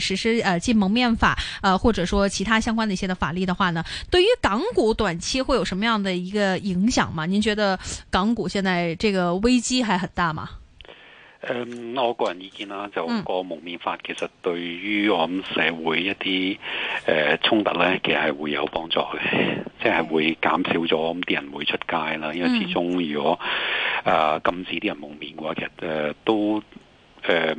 實施誒禁、呃、蒙面法，誒、呃、或者說其他相關的一些的法例的話呢，對於港股短期會有什麼樣的一個影響嗎？您覺得港股現在這個危機還很大嗎？誒、嗯，我個人意見啦，就個蒙面法其實對於我諗社會一啲誒衝突咧，其實係會有幫助嘅，即係會減少咗咁啲人會出街啦。因為始終如果誒禁止啲人蒙面嘅話，其實誒、呃、都。誒、呃，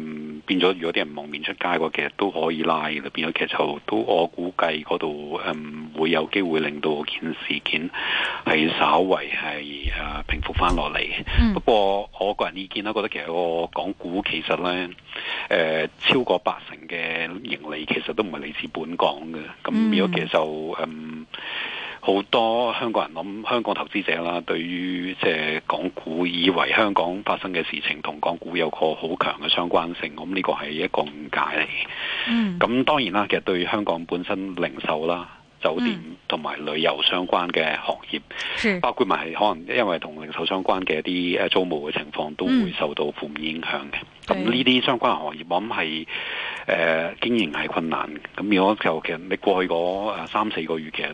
變咗如果啲人蒙面出街，嘅，其實都可以拉嘅。變咗其實都我估計嗰度誒，會有機會令到件事件係稍微係誒、呃、平復翻落嚟。嗯、不過我個人意見啦，我覺得其實我港股其實咧誒、呃，超過八成嘅盈利其實都唔係嚟自本港嘅。咁變咗其實就誒。呃好多香港人諗香港投資者啦，對於即係港股以為香港發生嘅事情同港股有個好強嘅相關性，咁呢個係一個誤解嚟。嗯，咁當然啦，其實對香港本身零售啦、酒店同埋旅遊相關嘅行業，是包括埋可能因為同零售相關嘅一啲誒租務嘅情況、嗯、都會受到負面影響嘅。咁呢啲相關行業我諗係誒經營係困難，咁如果就其實你過去嗰誒三四個月，其實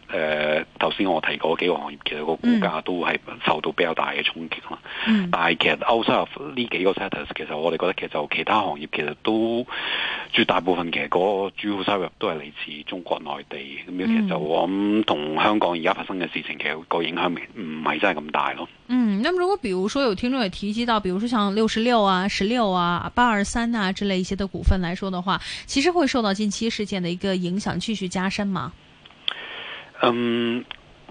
誒頭先我提過幾個行業其實個股價都係受到比較大嘅衝擊啦。嗯、但係其實收入呢幾個 setters 其實我哋覺得其實就其他行業其實都絕大部分其實個主要收入都係嚟自中國內地咁樣其實就。嗯嗯嗯我諗同香港而家發生嘅事情，其實個影響面唔係真係咁大咯。嗯，咁如果比如說有聽眾也提及到，比如說像六十六啊、十六啊、八二三啊之類一些的股份來說的話，其實會受到近期事件的一個影響繼續加深嗎？嗯。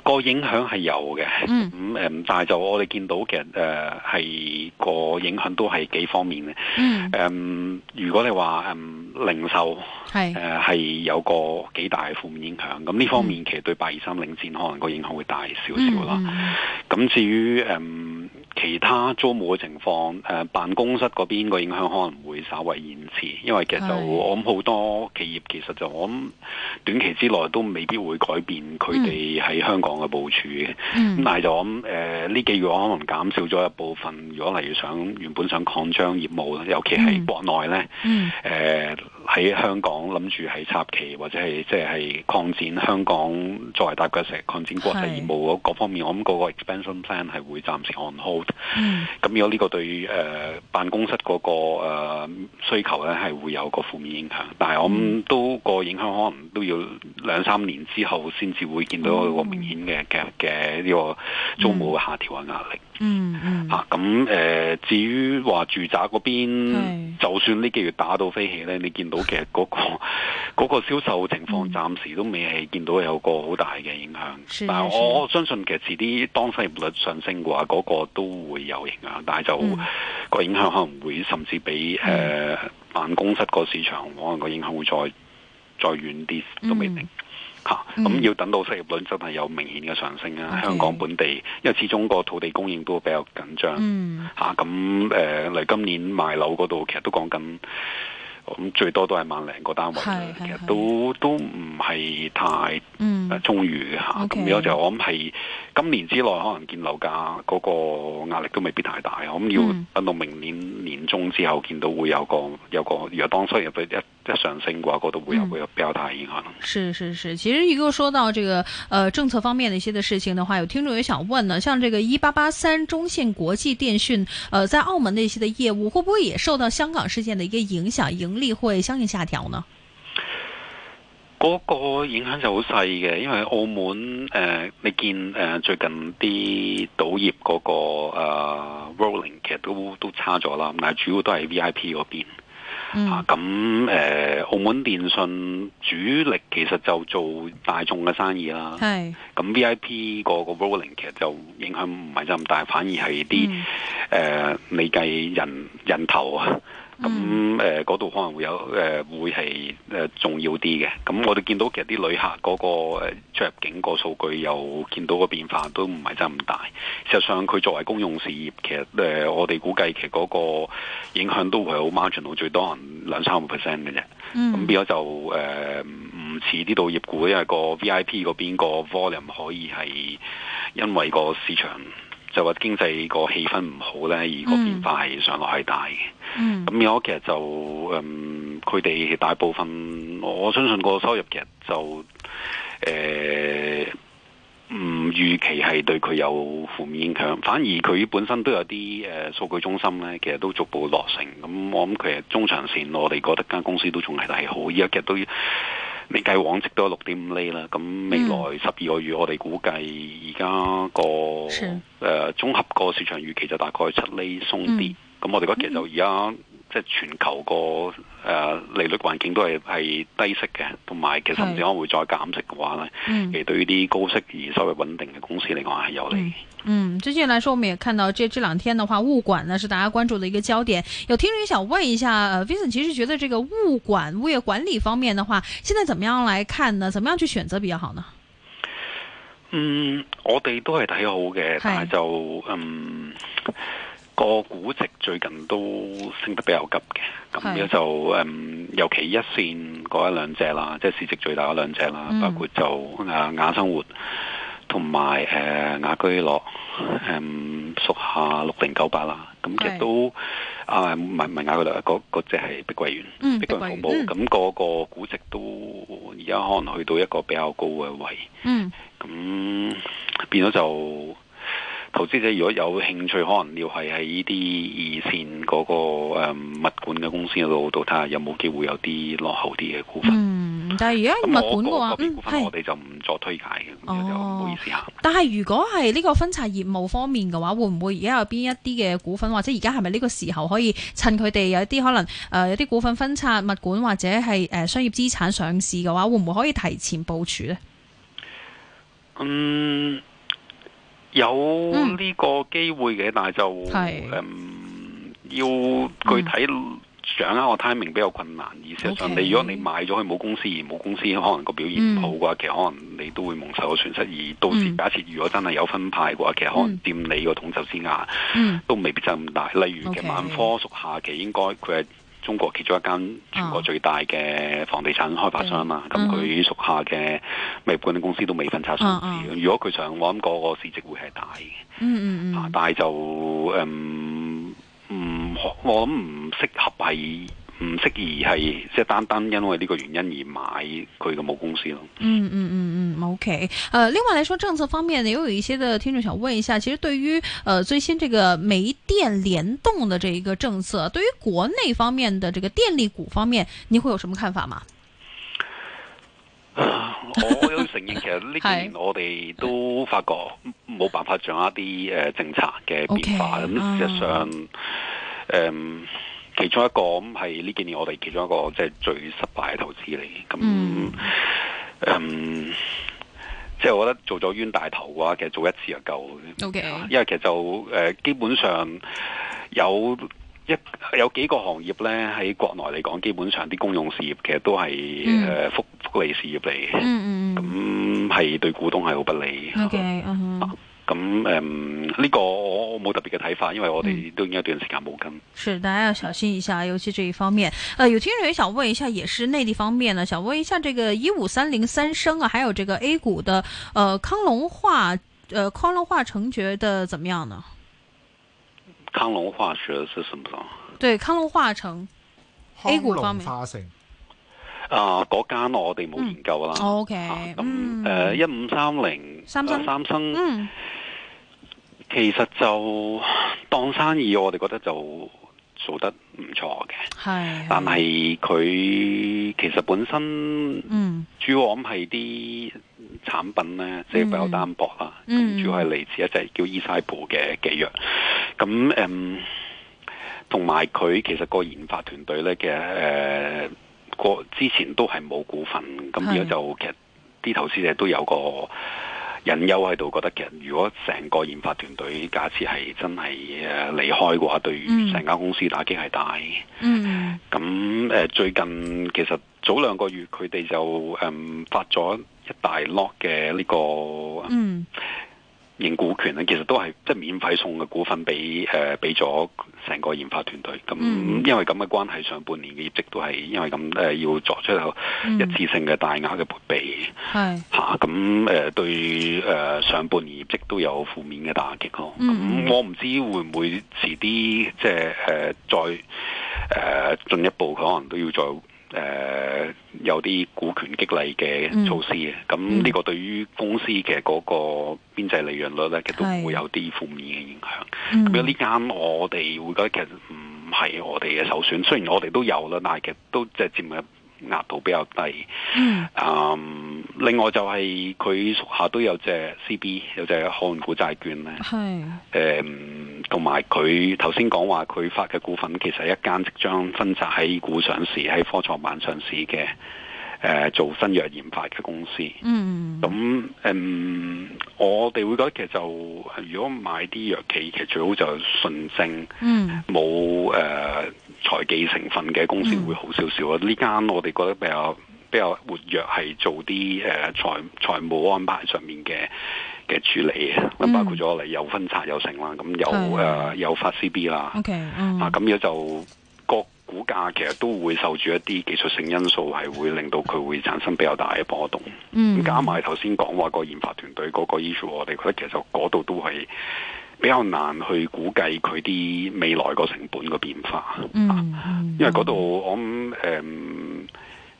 個影響係有嘅，咁誒，但係就我哋見到其實誒，係個影響都係幾方面嘅。誒、嗯嗯，如果你話誒、呃、零售誒係、呃、有個幾大嘅負面影響，咁呢方面其實對八二三領展可能個影響會大少少啦。咁、嗯、至於誒。呃其他租務嘅情況，誒辦公室嗰邊個影響可能會稍為延遲，因為其實就的我諗好多企業其實就我諗短期之內都未必會改變佢哋喺香港嘅部署嘅。咁、嗯、但係就我諗呢幾月我可能減少咗一部分，如果例如想原本想擴張業務，尤其係國內咧，誒喺香港諗住喺插旗或者係即係擴展香港作為踏腳石擴展國際業務嗰各方面，的我諗嗰個 expansion plan 係會暫時按好。嗯，咁有呢個對誒辦公室嗰個誒需求咧，係會有個負面影響。嗯、但係我諗都個影響可能都要兩三年之後，先至會見到一個明顯嘅嘅嘅呢個租務下調嘅壓力。嗯嗯吓咁誒，至於話住宅嗰邊，是就算呢幾月打到飛起咧，你見到其實嗰、嗰個嗰 個銷售情況暫時都未係見到有個好大嘅影響。是是是但係我相信其實遲啲當失業率上升嘅話，嗰、嗰個都會有影響，但係就、嗯、個影響可能會甚至比誒、嗯呃、辦公室個市場可能個影響會再。再遠啲都未定嚇，咁、嗯啊嗯、要等到失業率真係有明顯嘅上升啊！嗯、香港本地，因為始終個土地供應都比較緊張嚇，咁誒嚟今年買樓嗰度其實都講緊，咁最多都係萬零個單位，其實都都唔係太充裕嘅咁有就我諗係今年之內可能見樓價嗰個壓力都未必太大，我諗要等到明年年中之後,之後見到會有個有個,有個如果當收入一。在上升嘅話，嗰度會有會有表態嘅可能。是是是，其實如果說到這個，呃，政策方面的一些嘅事情的話，有聽眾也想問呢，像這個一八八三中信國際電訊，呃，在澳門那些的業務，會不會也受到香港事件的一個影響，盈利會相應下調呢？嗰個影響就好細嘅，因為澳門，誒、呃，你見誒、呃、最近啲賭業嗰、那個啊、呃、rolling 其實都都差咗啦，但係主要都係 V I P 嗰邊。咁誒、嗯呃，澳門電信主力其實就做大眾嘅生意啦。係是，咁 V I P 個個 rolling 其實就影響唔係就咁大，反而係啲誒，你計、嗯呃、人人頭啊。咁誒嗰度可能會有誒、呃、會係誒、呃、重要啲嘅。咁我哋見到其實啲旅客嗰個出入境個數據又見到個變化都唔係真係咁大。事實上佢作為公用事業，其實誒、呃、我哋估計其實嗰個影響都會好 marginal，最多人兩三個 percent 嘅啫。咁變咗就誒唔似啲賭業股，因為個 VIP 嗰邊個 volume 可以係因為個市場。就話經濟個氣氛唔好呢，而個變化係上落係大嘅。咁有、mm. 嗯嗯、其實就佢哋、嗯、大部分我相信個收入其實就唔、呃、預期係對佢有負面影響，反而佢本身都有啲誒、呃、數據中心呢，其實都逐步落成。咁、嗯、我諗其實中長線我哋覺得間公司都仲係大好，而家其實都。未計往績都有六點五厘啦，咁未來十二個月我哋估計而家個誒是、呃、綜合個市場預期就大概七厘鬆啲，咁、嗯、我哋嗰期就而家。嗯。即係全球個誒、呃、利率環境都係係低息嘅，同埋其實甚至乎會再減息嘅話呢？其實的對呢啲高息而收入穩定嘅公司嚟講係有利，嗯。嗯，最近嚟說，我們也看到這這兩天嘅話，物管呢是大家關注嘅一個焦點。有聽眾想問一下、呃、，Vincent，其實覺得這個物管物業管理方面嘅話，現在怎麼樣來看呢？怎麼樣去選擇比較好呢？嗯，我哋都係睇好嘅，的但係就嗯。個估值最近都升得比較急嘅，咁咧就誒，是尤其一線嗰一兩隻啦，即係市值最大嗰兩隻啦，嗯、包括就誒、啊、雅生活同埋誒雅居樂，嗯，屬下六零九八啦，咁亦都啊，唔係唔係雅居樂啊，嗰嗰即係碧桂園，嗯、碧桂園，咁、嗯、個個估值都而家可能去到一個比較高嘅位，嗯，咁、嗯嗯、變咗就。投資者如果有興趣，可能要係喺呢啲二線嗰個、嗯、物管嘅公司嗰度度睇下有冇機會有啲落後啲嘅股份。嗯，但係而家物管嘅話，我、嗰個、股份我哋就唔作推介嘅，唔、嗯、好意思嚇、哦。但係如果係呢個分拆業務方面嘅話，會唔會而家有邊一啲嘅股份，或者而家係咪呢個時候可以趁佢哋有一啲可能誒、呃、有啲股份分拆物管或者係誒、呃、商業資產上市嘅話，會唔會可以提前部署呢？嗯。有呢個機會嘅，但係就誒是、嗯嗯、要具體掌握個 timing 比較困難。而事實上，你如果你買咗佢冇公司，okay, 而冇公司可能個表現唔好嘅話，嗯、其實可能你都會蒙受個損失。而、嗯、到時假設如果真係有分派嘅話，其實可能佔你個統籌先啱，嗯、都未必就咁大。例如嘅萬科屬下期應該佢係。中國其中一間全國最大嘅房地產開發商啊嘛，咁佢的屬下嘅物業管理公司都未分拆上市。啊啊、如果佢上，我諗個市值會係大嘅、嗯。嗯嗯嗯，啊、但係就誒唔、嗯、我諗唔適合係。唔適宜係即係單單因為呢個原因而買佢嘅母公司咯、嗯。嗯嗯嗯嗯，OK、呃。誒，另外來說，政策方面咧，又有一些嘅聽眾想問一下，其實對於誒、呃、最新這個煤電聯動嘅這一個政策，對於國內方面的這個電力股方面，你會有什麼看法嗎？ 我有承認，其實呢幾年 我哋都發覺冇辦法掌握一啲誒、呃、政策嘅變化。咁事實上，誒、嗯。其中一個咁係呢幾年我哋其中一個即係最失敗嘅投資嚟，咁，嗯，嗯嗯即係我覺得做咗冤大頭嘅、啊、話，其實做一次就夠。OK。因為其實就誒、呃，基本上有一有幾個行業咧喺國內嚟講，基本上啲公用事業其實都係誒福福利事業嚟，嗯嗯嗯，咁係、嗯、對股東係好不利。O、okay, uh huh. 啊咁誒，呢、嗯這個我冇特別嘅睇法，因為我哋都已經一段時間冇跟。是大家要小心一下，尤其這一方面。誒、呃，有聽人也想問一下，也是內地方面嘅，想問一下，這個一五三零三生啊，還有這個 A 股的，誒、呃、康龍化，誒、呃、康龍化成覺得，怎麼樣呢？康龍化學是什麼？對康龍化成 A 股方面。啊，嗰間我哋冇研究啦。O、呃、K。咁誒生，一五三零三生三生。嗯其實就當生意，我哋覺得就做得唔錯嘅。係，是是 但係佢其實本身主要我諗係啲產品咧，即係、嗯、比較單薄啦。嗯、主要係嚟自一隻叫依西普嘅藥。咁誒，同埋佢其實個研發團隊咧嘅誒，個、呃、之前都係冇股份，咁而家就其實啲投資者都有個。隱憂喺度，覺得其實如果成個研發團隊假設係真係誒離開嘅話，嗯、對成間公司打擊係大。嗯，咁誒、呃、最近其實早兩個月佢哋就誒、呃、發咗一大 note 嘅呢個。嗯。認股權咧，其實都係即係免費送嘅股份俾誒，俾咗成個研發團隊。咁、嗯、因為咁嘅關係，上半年嘅業績都係因為咁誒、呃，要作出一，一次性嘅大額嘅撥備。係吓咁誒，對誒、呃，上半年業績都有負面嘅打擊咯。咁、嗯、我唔知會唔會遲啲即係誒、呃，再誒進、呃、一步，佢可能都要再。誒、呃、有啲股權激勵嘅措施嘅，咁呢、嗯、個對於公司嘅嗰個邊際利潤率咧，其實都會有啲負面嘅影響。咁呢間我哋會覺得其實唔係我哋嘅首選，雖然我哋都有啦，但係其實都即係佔。額度比較低，嗯、um，另外就係佢屬下都有隻 CB，有隻漢股債券咧，係的，同埋佢頭先講話佢發嘅股份，其實一間即將分拆喺股上市，喺科創板上市嘅。誒、呃，做新藥研發嘅公司，嗯，咁，嗯，我哋會覺得其實就如果買啲藥企，其實最好就純正，嗯，冇誒財技成分嘅公司會好少少啊。呢間、嗯、我哋覺得比較比較活躍，係做啲誒財財務安排上面嘅嘅處理啊。咁、嗯、包括咗我哋有分拆有成啦，咁、嗯、有誒有發 C B 啦，OK，啊，咁樣就。啊啊啊股價其實都會受住一啲技術性因素，係會令到佢會產生比較大嘅波動。咁、嗯、加埋頭先講話、嗰個研發團隊嗰、嗰個 issue，我哋覺得其實嗰度都係比較難去估計佢啲未來個成本嘅變化。嗯嗯、因為嗰度、嗯、我諗誒。嗯嗯。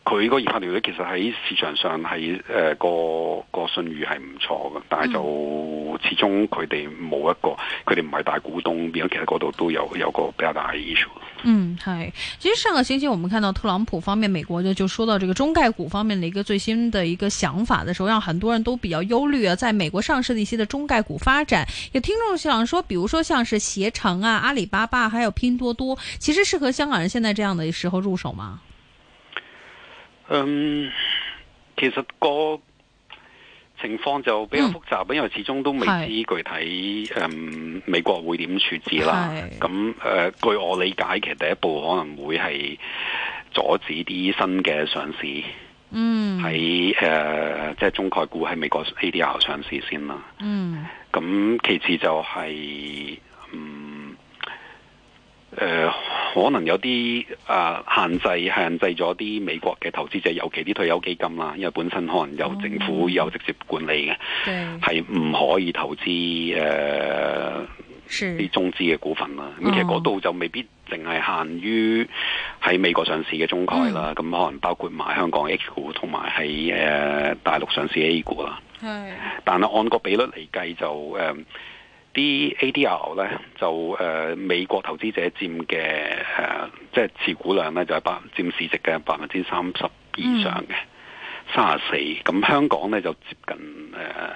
佢個研發條例其實喺市場上係誒、呃、個個信譽係唔錯嘅，但係就始終佢哋冇一個，佢哋唔係大股東，變咗其實嗰度都有有個比較大嘅 issue。嗯，係。其實上個星期我們看到特朗普方面，美國嘅就說到這個中概股方面嘅一個最新的一個想法嘅時候，讓很多人都比較憂慮啊，在美國上市的一些的中概股發展。有聽眾想說，比如說像是攜程啊、阿里巴巴，還有拼多多，其實適合香港人現在這樣的時候入手嗎？嗯，um, 其實個情況就比較複雜，因為始終都未知具體誒、嗯嗯、美國會點處置啦。咁誒是、呃，據我理解，其實第一步可能會係阻止啲新嘅上市。嗯，喺誒、呃、即係中概股喺美國 ADR 上市先啦。嗯，咁其次就係、是、嗯誒。呃可能有啲誒、呃、限制，限制咗啲美國嘅投資者，尤其啲退休基金啦，因為本身可能由政府有直接管理嘅，係唔、嗯、可以投資誒啲中資嘅股份啦。咁其實嗰度就未必淨係限於喺美國上市嘅中概啦，咁可能包括埋香港 H 股同埋喺誒大陸上市嘅 A 股啦。係是，但係按個比率嚟計就誒。呃啲 ADR 咧就誒、呃、美國投資者佔嘅誒、呃、即係持股量咧就係、是、百佔市值嘅百分之三十以上嘅三十四，咁、嗯、香港咧就接近誒、呃、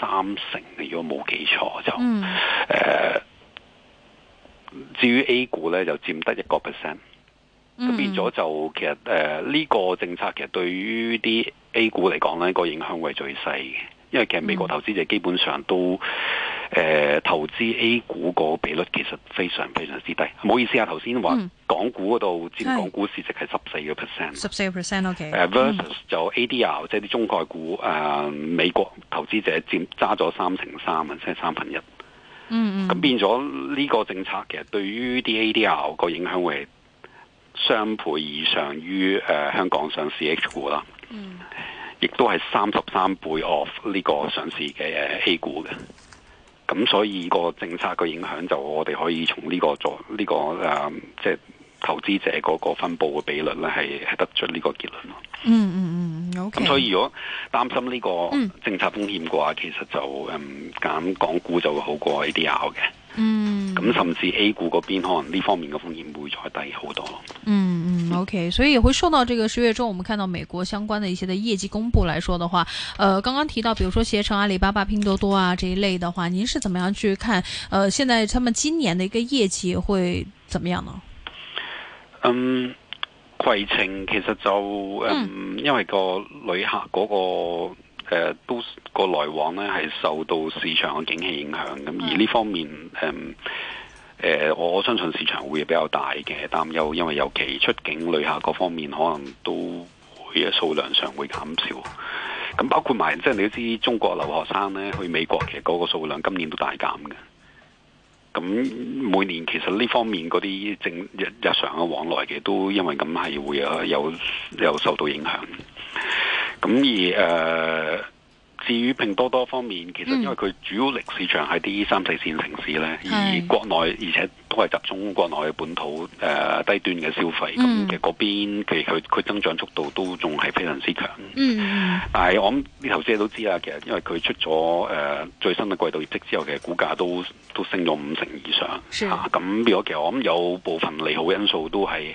三成，你如果冇記錯就誒、嗯呃。至於 A 股咧就佔得一個 percent，變咗就其實誒呢、呃這個政策其實對於啲 A 股嚟講咧、那個影響會係最細嘅，因為其實美國投資者基本上都。嗯。誒、呃，投資 A 股個比率其實非常非常之低，唔好意思啊，頭先話港股嗰度，佔港股市值係十四個 percent，十四 percent，ok，誒 versus AD R、嗯、就 ADR 即係啲中概股誒，uh, 美國投資者佔揸咗三成三啊，即係三分一，咁變咗呢個政策其實對於啲 ADR 個影響會係雙倍以上於誒、uh, 香港上市 A 股啦，亦、嗯、都係三十三倍 of 呢個上市嘅 A 股嘅。咁所以個政策個影響就我哋可以從呢個做呢、呢個誒、嗯，即係投資者嗰個分佈嘅比率咧，係係得出呢個結論咯。嗯嗯嗯，咁、hmm. okay. 所以如果擔心呢個政策風險嘅話，其實就誒減港股就會好過 A D R 嘅。嗯。咁、mm hmm. 甚至 A 股嗰邊可能呢方面嘅風險會再低好多。嗯、mm。Hmm. O、okay, K，所以也會受到這個十月中，我們看到美國相關的一些的業績公布來說的話，呃，剛剛提到，比如說攜程、阿里巴巴、拼多多啊這一類的話，您是怎麼樣去看？呃，現在他們今年的一個業績會怎麼樣呢？嗯，攜程其實就，嗯，嗯因為個旅客嗰個，誒、呃，都個來往呢係受到市場嘅景氣影響，咁而呢方面，嗯。嗯誒、呃，我相信市場會比較大嘅擔憂，因為尤其出境旅客、呃、各方面可能都會嘅數量上會減少。咁包括埋即係你都知中國留學生呢去美國嘅嗰個數量今年都大減嘅。咁每年其實呢方面嗰啲正日，日常嘅往來嘅都因為咁係會有有，有受到影響。咁而誒。呃至於拼多多方面，其實因為佢主要力市場喺啲三四線城市咧，嗯、而國內而且都係集中國內嘅本土誒、呃、低端嘅消費，咁嘅嗰邊其實佢佢增長速度都仲係非常之強。但係我諗啲投資者都知啊，其實因為佢出咗誒、呃、最新嘅季度業績之後，其實股價都都升咗五成以上嚇。咁、啊、變咗其實我諗有部分利好因素都係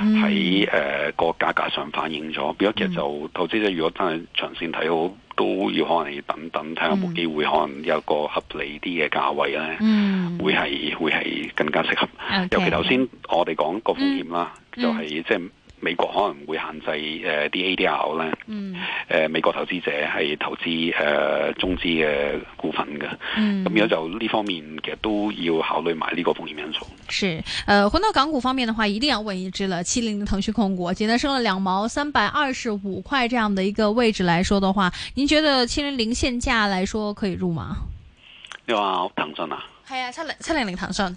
喺誒個價格上反映咗。變咗其實就投資者如果真係長線睇好。都要可能要等等睇下有冇機會，可能有個合理啲嘅價位咧、嗯，會係會係更加適合。Okay. 尤其頭先我哋講個風險啦，嗯、就係即係。嗯美國可能會限制誒啲 ADR 咧，誒、呃嗯呃、美國投資者係投資誒、呃、中資嘅股份嘅，咁、嗯、樣就呢方面其實都要考慮埋呢個風險因素。是，誒、呃，回到港股方面嘅話，一定要問一支啦，七零零騰訊控股，現在升了兩毛三百二十五塊，這樣嘅一個位置來説嘅話，您覺得七零零現價來説可以入嗎？你話，騰訊啊，係啊，七零七零零騰訊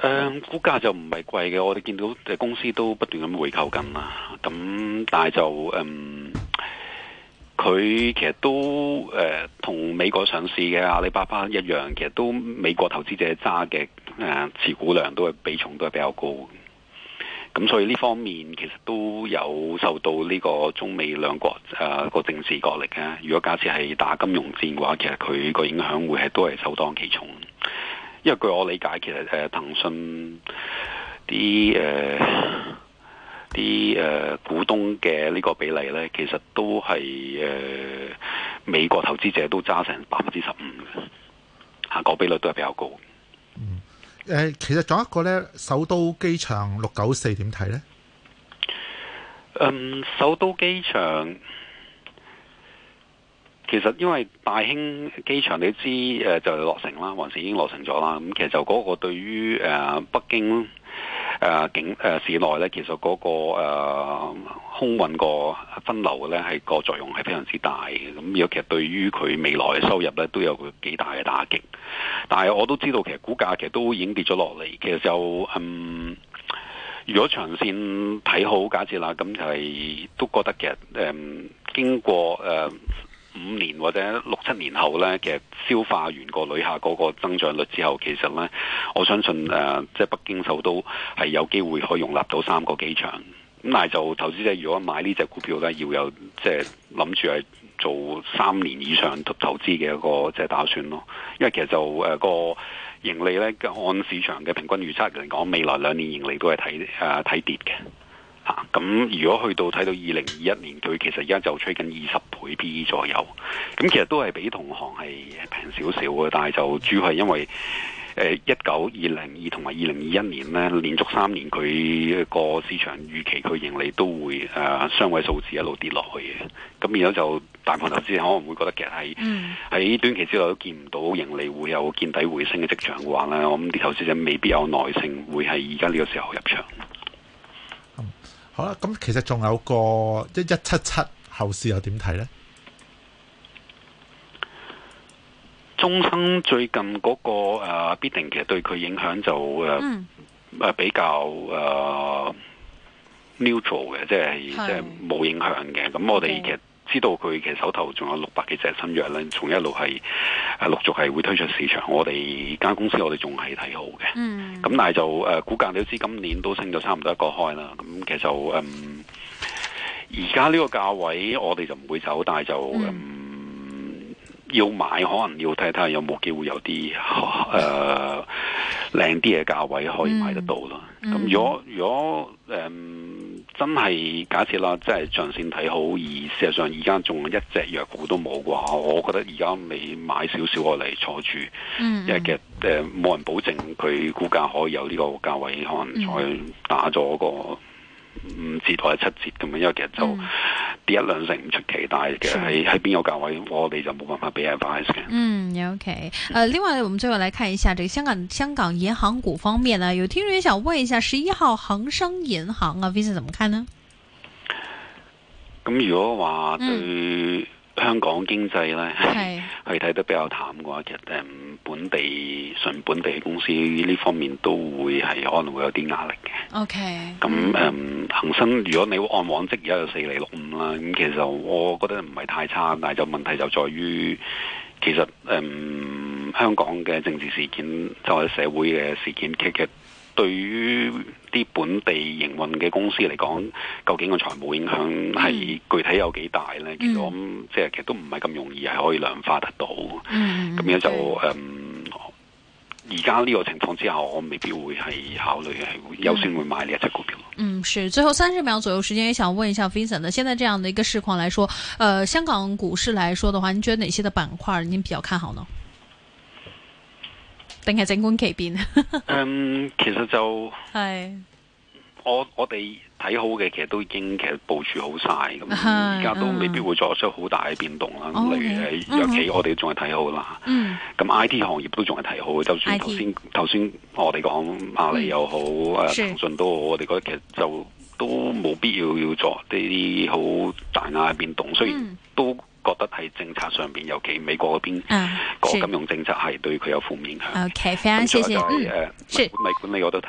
誒，um, 股價就唔係貴嘅，我哋見到誒公司都不斷咁回購緊啦。咁、嗯、但係就誒，佢、嗯、其實都誒、呃、同美國上市嘅阿里巴巴一樣，其實都美國投資者揸嘅誒持股量都係比重都係比較高。咁、嗯、所以呢方面其實都有受到呢個中美兩國誒、呃、個政治角力啊。如果假設係打金融戰嘅話，其實佢個影響會係都係首當其衝。因為據我理解，其實誒，騰訊啲誒，啲誒、呃、股東嘅呢個比例咧，其實都係誒、呃、美國投資者都揸成百分之十五嘅，下個比率都係比較高。嗯，誒、呃，其實仲有一個咧，首都機場六九四點睇咧。嗯，首都機場。其實，因為大興機場，你知誒就落成啦，還是已經落成咗啦。咁其實就嗰個對於誒北京誒境誒市內咧，其實嗰個誒空運個分流咧，係個作用係非常之大嘅。咁如果其實對於佢未來嘅收入咧，都有個幾大嘅打擊。但係我都知道，其實股價其實都已經跌咗落嚟。其實就嗯，如果長線睇好，假設啦，咁係、就係、都覺得其實誒、嗯，經過誒。嗯五年或者六七年後呢，其實消化完個旅客嗰個增長率之後，其實呢，我相信誒，即、呃、係、就是、北京首都係有機會可以容納到三個機場。咁但係就投資者如果買呢隻股票呢，要有即係諗住係做三年以上投資嘅一個即係、就是、打算咯。因為其實就誒、呃嗰個盈利呢，按市場嘅平均預測嚟講，未來兩年盈利都係睇誒睇跌嘅。咁、啊、如果去到睇到二零二一年佢其實而家就吹緊二十倍 PE 左右，咁其實都係比同行係平少少嘅，但係就主要係因為誒一九二零二同埋二零二一年咧連續三年佢一個市場預期佢盈利都會誒雙、呃、位數字一路跌落去嘅，咁而家就大部分投資可能會覺得其實喺喺短期之內都見唔到盈利會有見底回升嘅跡象嘅話咧，我諗啲投資者未必有耐性會係而家呢個時候入場。嗯、好啦，咁其實仲有一個一一七七後市又點睇呢？中生最近嗰、那個誒、呃，必定其實對佢影響就誒，誒、嗯、比較誒、呃、neutral 嘅，即係是即係冇影響嘅。咁、哦、我哋其實。知道佢其實手頭仲有六百幾隻新藥咧，從一路係誒、呃、陸續係會推出市場，我哋間公司我哋仲係睇好嘅。嗯，咁但係就誒、呃、股價你都知，今年都升咗差唔多一個開啦。咁其實就誒，而家呢個價位我哋就唔會走，但係就、嗯嗯、要買可能要睇睇有冇機會有啲誒靚啲嘅價位可以買得到啦。咁、嗯嗯、如果如果。誒。嗯真係假設啦，真係長線睇好，而事實上而家仲一隻藥股都冇嘅話，我覺得而家你買少少我嚟坐住，因為其實冇人保證佢股價可以有呢個價位，可能再打咗、那個。五折或者七折咁樣，因為其實就跌、嗯、一兩成唔出奇，但係其實喺邊個價位，我哋就冇辦法俾 advice 嘅。嗯，OK。誒，另外，我哋最後來看一下，這個香港香港銀行股方面呢、啊，有聽眾想問一下，十一號恒生銀行啊，Visa 怎麼看呢？咁如果話對。香港經濟咧係睇得比較淡嘅話，其實誒本地純本地公司呢方面都會係可能會有啲壓力嘅。OK，咁誒恒生如果你按往績而家就四厘六五啦，咁、嗯、其實我覺得唔係太差，但係就問題就在於其實誒、嗯、香港嘅政治事件就係、是、社會嘅事件，其實對於。啲本地營運嘅公司嚟講，究竟個財務影響係具體有幾大呢？其實我咁即係其實都唔係咁容易係可以量化得到。咁、嗯、樣就誒，而家呢個情況之下，我未必會係考慮係優先會買呢一隻股票。嗯，是。最後三十秒左右時間，也想問一下 Vincent，呢，現在這樣的一個市況來說，誒、呃、香港股市來說的話，您覺得哪些的板塊您比較看好呢？定係靜觀其變。嗯，其實就係我我哋睇好嘅，其實都已經其實部署好晒咁，而家都未必會作出好大嘅變動啦。例如喺藥企，我哋仲係睇好啦。咁 I T 行業都仲係睇好，就算頭先頭先我哋講阿里又好，誒騰訊都好，我哋覺得其實就都冇必要要做呢啲好大嘅變動，雖然都。覺得係政策上邊，尤其美國嗰邊個金融政策係對佢有負面影響。O K，非常謝謝。嗯，物管，管理管理我都睇。